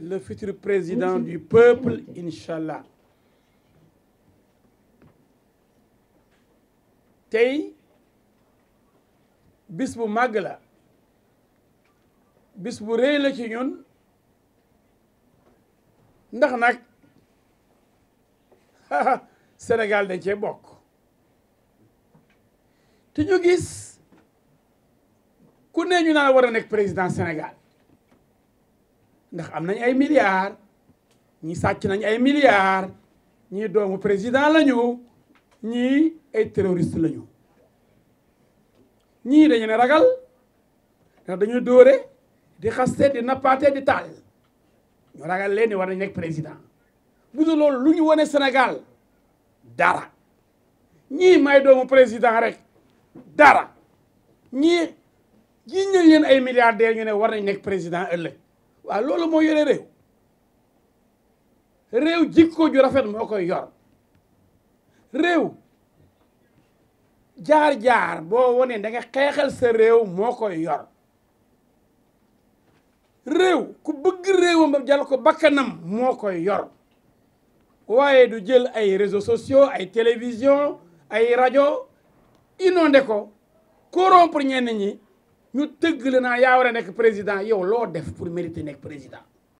le futur président du peuple inch'Allah tey bis bu màgg la bis bu rëy la ci ñun ndax nag Sénégal de cee bokk ti ñu gis ku ne ñu naan war nekk président Sénégal ndax am nañ ay milliards ñi sàcc nañ ay milliards ñii doomu président lañu ñii ay terroriste lañu ñii dañu ne ragal ndax dañu dóore di xaste di nappaate di taal ñu ragal leen ni war nañ nekk président bu dul loolu lu ñu wane Sénégal dara ñii may doomu président rek dara ñii ji ñu leen ay milliardaires ñu ne war nañ nekk président ëllëg waaw loolu moo yore réew réew jikko ju rafet moo ko yor réew jaar-jaar boo wonee da nga xeexal sa réew moo ko yor réew ku bëgg réewam ba jal ko bakkanam moo koy yor waaye du jël ay réseaux sociaux ay télévision ay rajo inondé ko corrompre ñenn ñi ñu tëgg la naa yaa war a nekk président yow loo def pour mériter nekk président